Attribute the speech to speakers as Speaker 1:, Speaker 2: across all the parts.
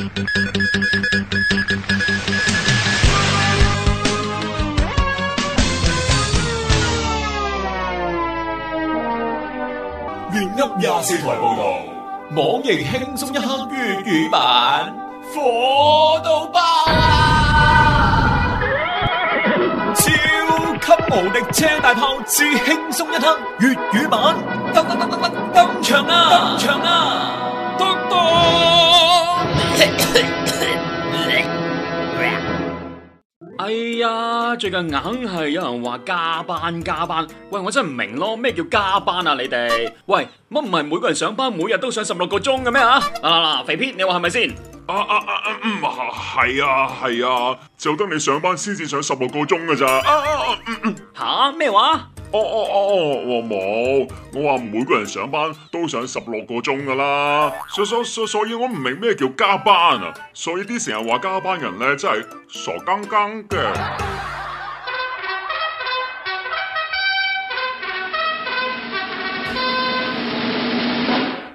Speaker 1: 粵音廿四台報道，網易輕鬆一刻粵語版，
Speaker 2: 火到爆啊！
Speaker 1: 超級無敵車大炮至輕鬆一刻粵語版，登
Speaker 2: 登登登登登場啊！登場啊！登登。
Speaker 1: 哎呀，最近硬係有人話加班加班，喂，我真係唔明咯，咩叫加班啊？你哋，喂，乜唔係每個人上班每日都上十六個鐘嘅咩啊？嗱嗱，肥屁，你話係咪先？啊啊啊、嗯、啊，唔係啊，係啊，就得你上班先至上十六個鐘嘅咋。吓、啊、咩、啊嗯嗯啊、話？哦哦哦哦，我冇，我話每個人上班都上十六個鐘㗎啦，所所所，所以我唔明咩叫加班啊，所以啲成日話加班人咧，真係傻更更嘅。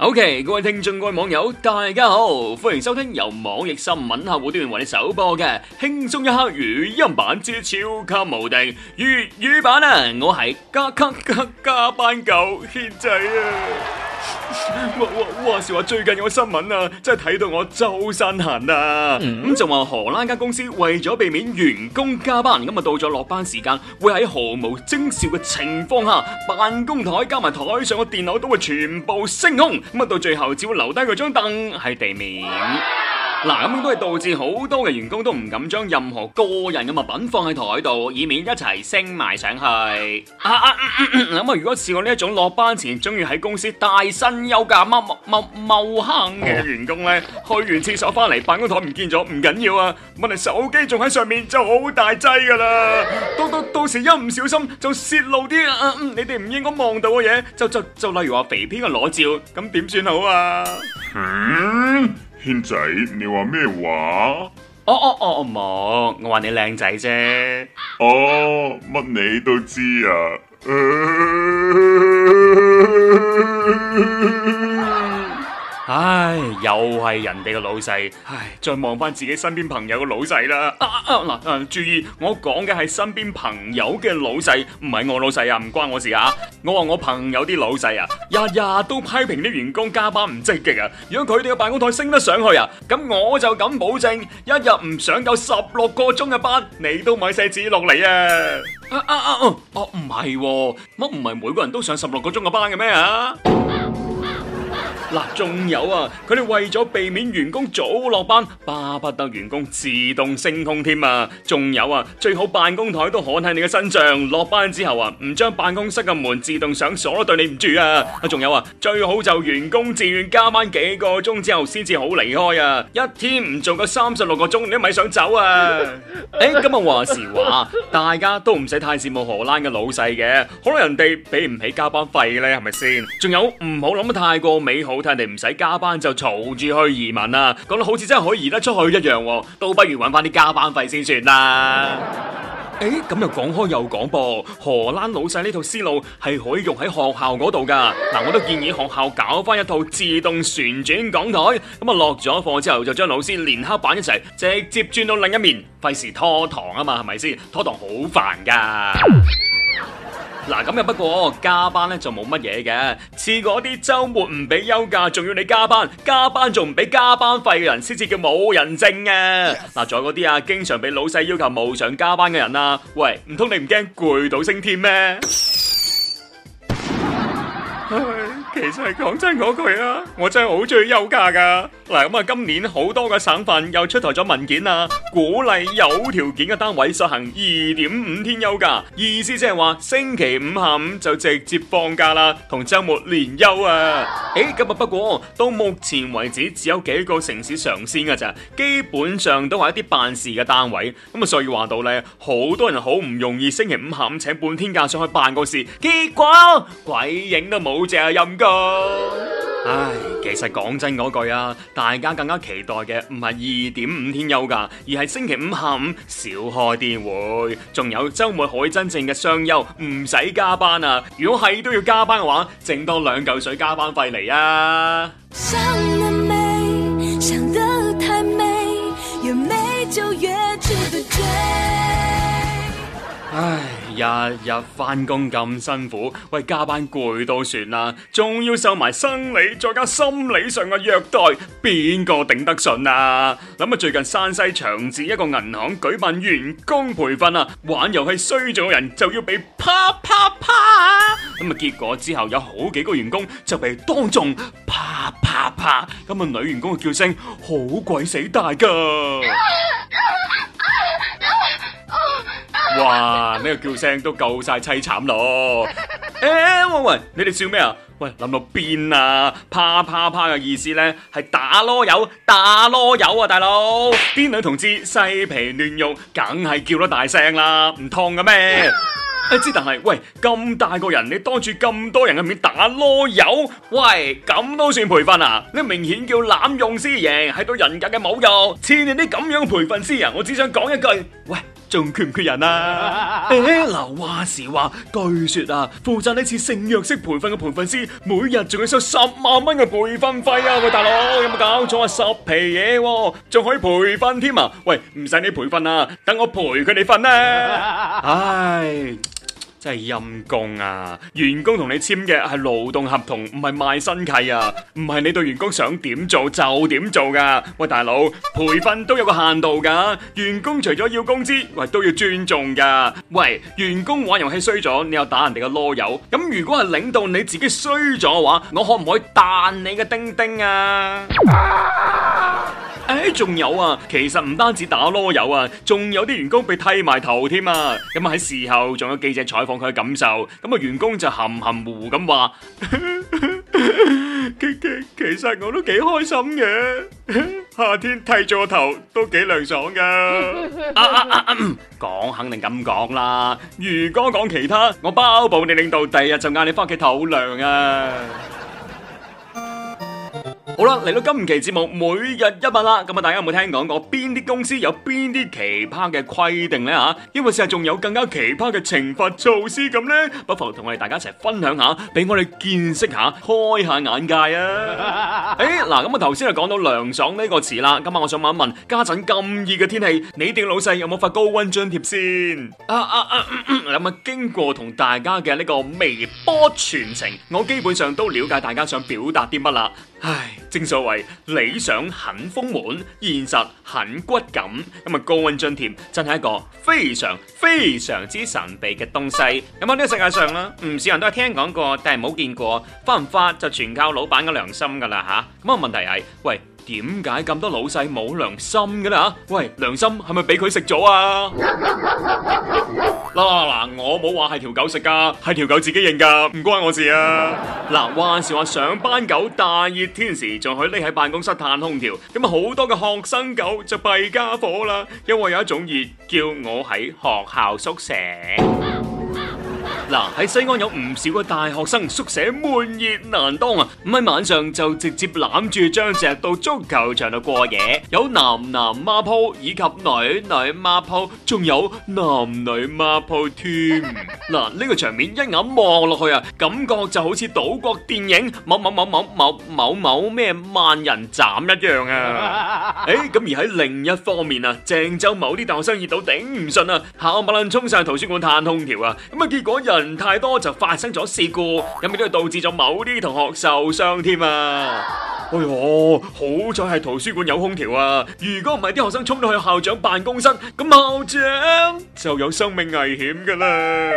Speaker 1: 好嘅，okay, 各位聽眾、各位網友，大家好，歡迎收聽由網易新聞客戶端為你首播嘅輕鬆一刻語音版之超級無敵粵語版啊！我係加卡卡加班狗軒仔啊！ 話說話話最近有個新聞啊，真係睇到我周身痕啊！咁、嗯嗯、就話荷蘭間公司為咗避免員工加班，咁啊到咗落班時間，會喺毫無徵兆嘅情況下，辦公台加埋台上嘅電腦都會全部升空。咁啊，到最後只會留低嗰張凳喺地面。嗱，咁都係導致好多嘅員工都唔敢將任何個人嘅物品放喺台度，以免一齊升埋上去。咁 啊、嗯嗯嗯嗯，如果似我呢一種落班前中意喺公司帶薪休假、踎踎踎踎坑嘅員工咧，好去完廁所翻嚟，辦公台唔見咗，唔緊要啊，問題手機仲喺上面就好大劑噶啦。到到 到時一唔小心就泄露啲啊、嗯，你哋唔應該望到嘅嘢，就就就，就例如話肥肥嘅裸照，咁點算好啊？arriba 軒仔，你話咩話？哦哦哦，冇，我話你靚仔啫。哦，乜、哦哦你，哦、你都知啊？
Speaker 2: 呃
Speaker 1: 唉，又係人哋嘅老細，唉，再望翻自己身邊朋友嘅老細啦。啊啊嗱，注意，我講嘅係身邊朋友嘅老細，唔係我老細啊，唔關我事啊。我話我朋友啲老細啊，日日都批評啲員工加班唔積極啊。如果佢哋嘅辦公台升得上去啊，咁我就敢保證，一日唔上夠十六個鐘嘅班，你都買寫紙落嚟啊。啊啊啊！唔、啊、係，乜唔係每個人都上十六個鐘嘅班嘅咩啊？嗱，仲有啊，佢哋為咗避免員工早落班，巴不得員工自動升空添啊！仲有啊，最好辦公台都焊喺你嘅身上，落班之後啊，唔將辦公室嘅門自動上鎖都對你唔住啊！啊，仲有啊，最好就員工自願加班幾個鐘之後先至好離開啊！一天唔做個三十六個鐘，你咪想走啊！誒，噉啊話時話，大家都唔使太羨慕荷蘭嘅老細嘅，可能人哋俾唔起加班費咧，係咪先？仲有唔好諗得太過美好。好睇，你唔使加班就嘈住去移民啦！講到好似真係可以移得出去一樣，啊，都不如搵翻啲加班費先算啦，啊。誒、欸，咁又講開又講噃，荷蘭老細呢套思路係可以用喺學校嗰度噶。嗱，啊，我都建議學校搞翻一套自動旋轉講台，咁啊落咗課之後就將老師連黑板一齊直接轉到另一面，費事拖堂啊嘛，係咪先？拖堂好煩噶。嗱咁又不過加班咧，就冇乜嘢嘅，似我啲周末唔俾休假，仲要你加班，加班仲唔俾加班費嘅人，先至叫冇人證啊！嗱 Yes.、啊，仲有啲啊，經常俾老細要求無償加班嘅人啊，喂，唔通你唔驚攰到升天咩？ 其實係講真嗰句啊，我真係好中意休假噶。嗱，咁、嗯、啊，今年好多個省份又出台咗文件啊，鼓勵有條件嘅單位實行二點五天休假，意思即係話星期五下午就直接放假啦，同周末連休啊。誒、欸，咁啊，不過到目前為止只有幾個城市嘗鮮噶咋，基本上都係一啲辦事嘅單位。咁、嗯、啊，所以話到咧，好多人好唔容易星期五下午請半天假上去辦個事，結果鬼影都冇隻啊，陰唉，其實講真嗰句啊，大家更加期待嘅唔係二點五天休假，而係星期五下午少開啲會，仲有周末可以真正嘅雙休，唔使加班啊！如果係都要加班嘅話，剩多兩嚿水加班費嚟啊！想得
Speaker 2: 美，想得太美，越美就越值得追
Speaker 1: 日日翻工咁辛苦，喂加班攰到算啦，仲要受埋生理再加心理上嘅虐待，邊個頂得順啊？諗下最近山西長治一個銀行舉辦員工培訓啊，玩遊戲衰咗人就要被
Speaker 2: 啪啪啪。
Speaker 1: 咁啊，結果之後有好幾個員工就被當眾啪啪啪。咁啊，女員工嘅叫聲好鬼死大噶，哇！呢個叫
Speaker 2: 聲
Speaker 1: ～聽都夠晒淒慘咯！誒、欸、喂喂，你哋笑咩啊？喂，諗到邊啊？啪啪啪嘅意思咧係打囉柚，打囉柚啊！大佬，啲 女同志細皮嫩肉，梗係叫得大聲啦，唔痛嘅咩？一知 但係，喂咁大個人，你當住咁多人嘅面打囉柚，喂咁都算培訓啊？你明顯叫濫用私刑，係對人格嘅侮辱。似你啲咁樣培訓師啊，我只想講一句，喂。仲缺唔缺人啊？嗱、啊欸，話時話，據說啊，負責呢次性虐式培訓嘅培訓師，每日仲要收十萬蚊嘅培訓費啊！喂，大佬，有冇搞錯啊？十皮嘢，仲可以培訓添啊？喂，唔使你培訓啊，等我陪佢哋瞓啊！唉。真係陰公啊！員工同你簽嘅係勞動合同，唔係賣身契啊！唔係你對員工想點做就點做噶。喂，大佬，培訓都有個限度噶。員工除咗要工資，喂都要尊重噶。喂，員工玩遊戲衰咗，你又打人哋嘅囉柚。咁如果係領導你自己衰咗嘅話，我可唔可以彈你嘅叮叮啊？啊誒，仲、哎、有啊！其實唔單止打囉柚啊，仲有啲員工被剃埋頭添啊！咁啊喺事後仲有記者採訪佢嘅感受，咁啊員工就含含糊糊咁話：其 其實我都幾開心嘅，夏天剃咗個頭都幾涼爽噶 ，
Speaker 2: 啊。啊
Speaker 1: 講、啊呃、肯定咁講啦，如果講其他，我包保你領導第日就嗌你翻屋企透涼啊！好啦，嚟到今期節目每日一問啦，咁啊，大家有冇聽講過邊啲公司有邊啲奇葩嘅規定呢？吓、啊，因為試下仲有更加奇葩嘅懲罰措施咁呢， 不妨同我哋大家一齊分享下，俾我哋見識下，開下眼界啊！誒、 欸，嗱，咁啊，頭先就講到涼爽呢個詞啦，今晚我想問一問，家陣咁熱嘅天氣，你哋老細有冇發高溫津貼先？啊啊啊！咁、啊、冇、啊呃呃呃啊、經過同大家嘅呢個微波全程，我基本上都了解大家想表達啲乜啦。唉，正所謂理想很豐滿，現實很骨感。咁啊，高温津貼真係一個非常非常之神秘嘅東西。咁喺呢個世界上啦，唔少人都係聽講過，但係冇見過，發唔發就全靠老闆嘅良心噶啦吓。咁啊，那個、問題係，喂。點解咁多老細冇良心嘅啦？喂，良心係咪俾佢食咗啊？嗱嗱，我冇話係條狗食噶，係條狗自己認噶，唔關我事啊！嗱、啊，話時話上班狗大熱天時仲可以匿喺辦公室嘆空調，咁好多嘅學生狗就弊家伙啦，因為有一種熱叫我喺學校宿舍。 嗱，喺西安有唔少嘅大學生宿舍悶熱難當啊，咁喺晚上就直接攬住張席到足球場度過夜，有男男孖鋪以及女女孖鋪，仲有男女孖鋪添。嗱，呢個場面一眼望落去啊，感覺就好似島國電影某某某某某某咩萬人斬一樣啊！誒，咁而喺另一方面啊，鄭州某啲大學生熱到頂唔順啊，下晚黑衝晒圖書館嘆空調啊，咁啊結果又。人太多就發生咗事故，咁亦都係導致咗某啲同學受傷添啊！哎喲，好彩係圖書館有空調啊！如果唔係，啲學生衝到去校長辦公室，咁校長就有生命危險噶啦。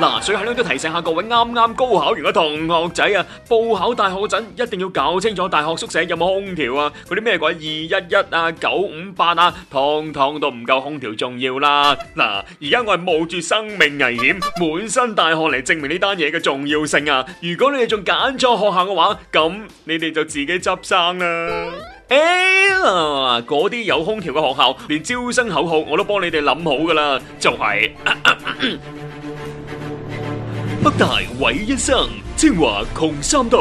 Speaker 1: 嗱，所以喺呢度都提醒下各位啱啱高考完嘅同學仔啊，報考大學嗰陣一定要搞清楚大學宿舍有冇空調啊！嗰啲咩鬼二一一啊、九五八啊，通通都唔夠空調重要啦！嗱、啊，而家我係冒住生命危險，滿身大汗嚟證明呢單嘢嘅重要性啊！如果你哋仲揀咗學校嘅話，咁你哋就自己執生啦！誒、嗯，嗰啲、哎啊、有空調嘅學校，連招生口號我都幫你哋諗好噶啦，就係、是。啊啊嗯嗯北大毀一生，清華窮三代，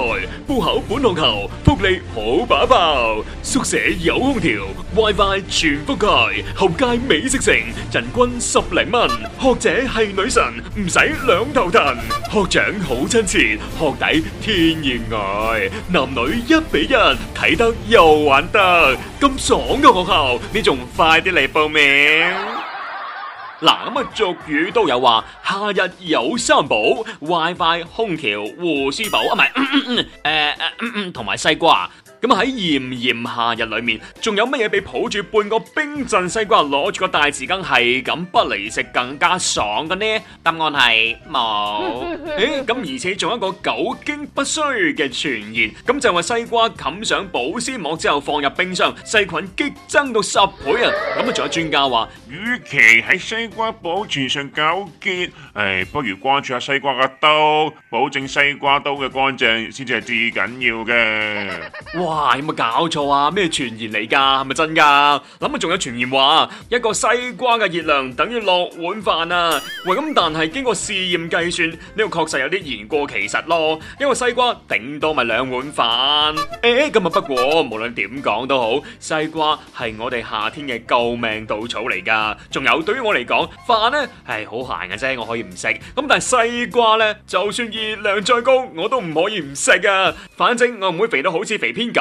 Speaker 1: 報考本學校，福利好把爆，宿舍有空調，WiFi 全覆蓋，後街美食城，人均十零蚊，學姐係女神，唔使兩頭騰，學長好親切，學弟天然呆，男女一比一，睇得又玩得，咁爽嘅學校，你仲快啲嚟報名！嗱，咁啊俗語都有話，夏日有三寶，WiFi、wi Fi, 空調和舒服，啊，唔係，誒、嗯，同、嗯、埋、嗯呃嗯嗯、西瓜。咁喺炎炎夏日裏面，仲有乜嘢比抱住半個冰鎮西瓜，攞住個大匙羹係咁不離食更加爽嘅呢？答案係冇。誒，咁而且仲有一個久經不衰嘅傳言，咁就話西瓜冚上保鮮膜之後放入冰箱，細菌激增到十倍啊！咁啊，仲有專家話，與其喺西瓜保存上糾結，誒，不如關注下西瓜嘅刀，保證西瓜刀嘅乾淨，先至係至緊要嘅。哇，有冇搞錯啊？咩傳言嚟噶？係咪真噶？諗下仲有傳言話一個西瓜嘅熱量等於六碗飯啊！喂，咁但係經過試驗計算，呢個確實有啲言過其實咯。因為西瓜頂多咪兩碗飯。誒，咁啊，不過無論點講都好，西瓜係我哋夏天嘅救命稻草嚟噶。仲有對於我嚟講，飯咧係好閒嘅啫，我可以唔食。咁但係西瓜咧，就算熱量再高，我都唔可以唔食啊！反正我唔會肥到好似肥偏咁。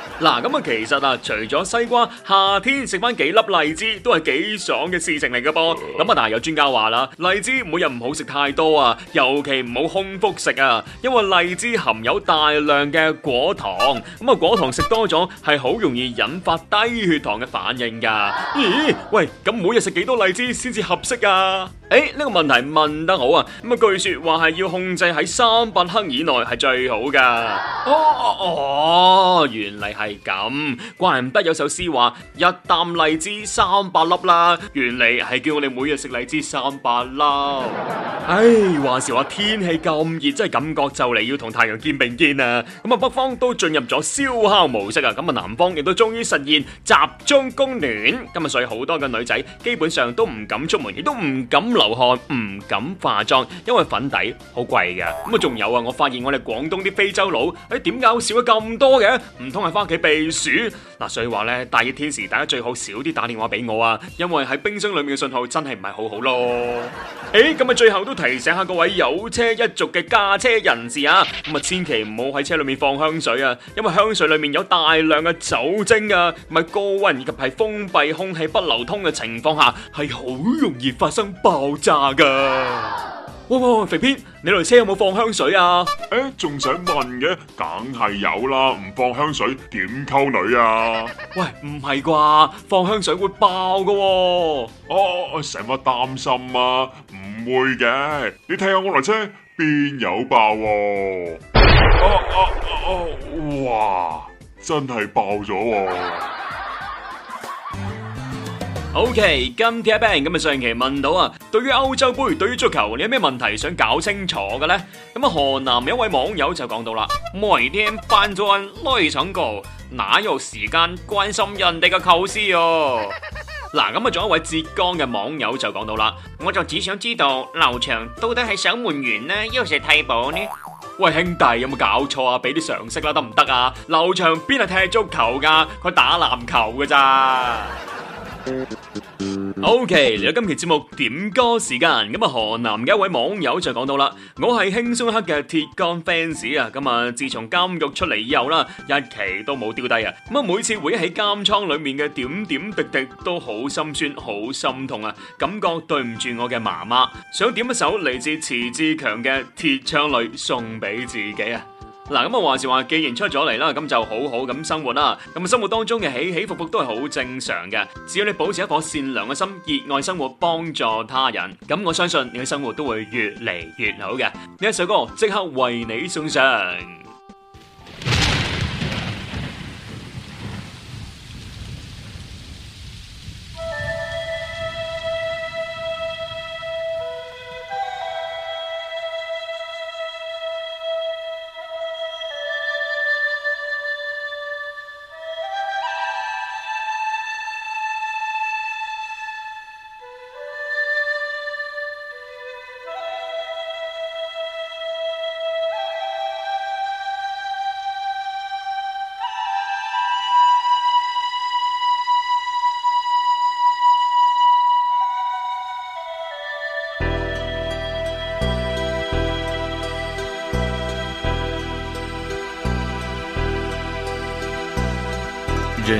Speaker 1: 嗱咁啊，其實啊，除咗西瓜，夏天食翻幾粒荔枝都係幾爽嘅事情嚟噶噃。咁啊，但係有專家話啦，荔枝每日唔好食太多啊，尤其唔好空腹食啊，因為荔枝含有大量嘅果糖。咁啊，果糖食多咗係好容易引發低血糖嘅反應噶。咦？喂，咁每日食幾多荔枝先至合適啊？誒，呢個問題問得好啊！咁啊，據說話係要控制喺三百克以內係最好噶。哦哦，原嚟係。咁怪唔得，有首詩話一啖荔枝三百粒啦，原嚟係叫我哋每日食荔枝三百粒。唉，話時話天氣咁熱，真係感覺就嚟要同太陽肩並肩啊！咁啊，北方都進入咗燒烤模式啊，咁啊，南方亦都終於實現集中供暖。咁啊，所以好多嘅女仔基本上都唔敢出門，亦都唔敢流汗，唔敢化妝，因為粉底好貴㗎。咁啊，仲有啊，我發現我哋廣東啲非洲佬，誒，點解好少咗咁多嘅？唔通係翻屋企？避暑嗱，所以話咧，大熱天時，大家最好少啲打電話俾我啊，因為喺冰箱裏面嘅信號真係唔係好好咯。誒，咁啊，最後都提醒下各位有車一族嘅駕車人士啊，咁啊，千祈唔好喺車裏面放香水啊，因為香水裏面有大量嘅酒精啊，同埋高溫以及係封閉空氣不流通嘅情況下，係好容易發生爆炸噶。喂肥編，你台車有冇放香水啊？誒、欸，仲想問嘅，梗係有啦，唔放香水點溝女啊？喂，唔係啩？放香水會爆噶？哦，使乜擔心啊，唔會嘅，你睇下我台車邊有爆啊啊？啊啊啊！哇，真係爆咗，哦。O、okay, K，今天阿 Ben 咁啊，上期問到啊，對於歐洲盃，對於足球，你有咩問題想搞清楚嘅咧？咁啊，河南有一位網友就講到啦：，每天翻咗去搶告。」哪有時間關心人哋嘅構思哦？嗱，咁啊，仲有一位浙江嘅網友就講到啦：，我就只想知道劉翔到底係守門員呢，還是替補呢？喂，兄弟，有冇搞錯啊？俾啲常識啦，得唔得啊？劉翔邊係踢足球噶，佢打籃球噶咋？OK 嚟到今期節目點歌時間，咁啊，河南嘅一位網友就講到啦，我係輕鬆黑嘅鐵杆 fans 啊，咁啊自從監獄出嚟以後啦，一期都冇丟低啊，咁啊每次會喺監倉裏面嘅點點滴滴都好心酸好心痛啊，感覺對唔住我嘅媽媽，想點一首嚟自遲志強嘅《鐵窗淚》送俾自己啊。嗱，咁我話時話，既然出咗嚟啦，咁就好好咁生活啦。咁生活當中嘅起起伏伏都係好正常嘅，只要你保持一顆善良嘅心，熱愛生活，幫助他人，咁我相信你嘅生活都會越嚟越好嘅。呢一首歌即刻為你送上。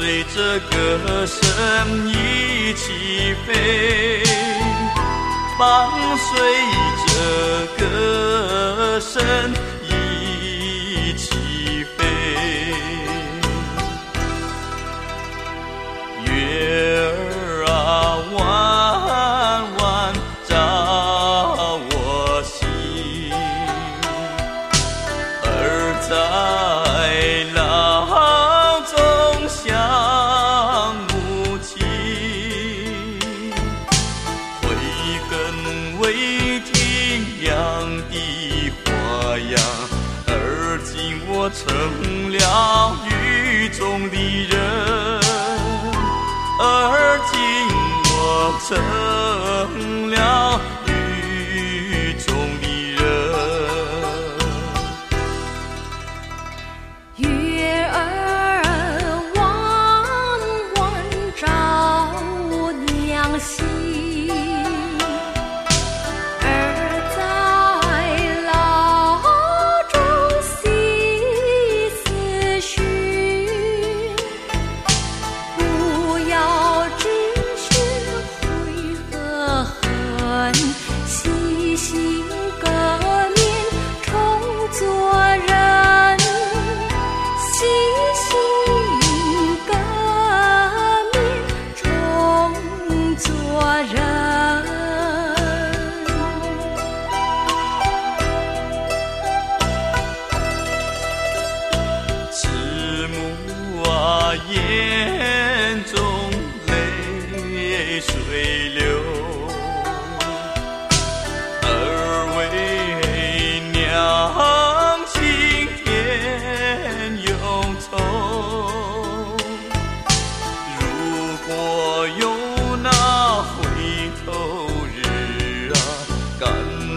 Speaker 3: 隨着歌聲一起飛，伴隨着歌聲。我成了雨中的人，而今我成了。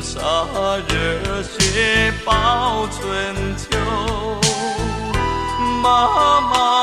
Speaker 3: 灑熱血報春秋，媽媽。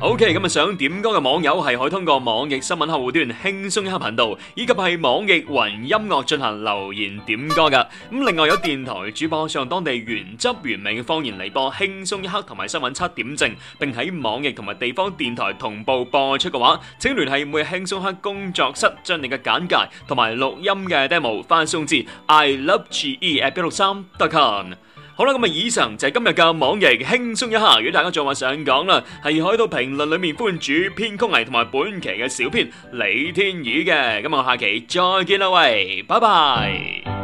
Speaker 1: O K，咁啊想點歌嘅網友係可以通過網易新聞客戶端輕鬆一刻頻道，以及係網易雲音樂進行留言點歌噶。咁另外有電台主播上當地原汁原味嘅方言嚟播輕鬆一刻同埋新聞七點正，並喺網易同埋地方電台同步播出嘅話，請聯繫每日輕鬆一刻工作室將你嘅簡介同埋錄音嘅 demo 發送至 i love ge at 163 dot com。好啦，咁啊，以上就係今日嘅網易，輕鬆一下，如果大家再話想講啦，係可以到評論裏面關注主編曲藝同埋本期嘅小編
Speaker 2: 李天宇嘅，咁我下期再見啦，喂，拜拜。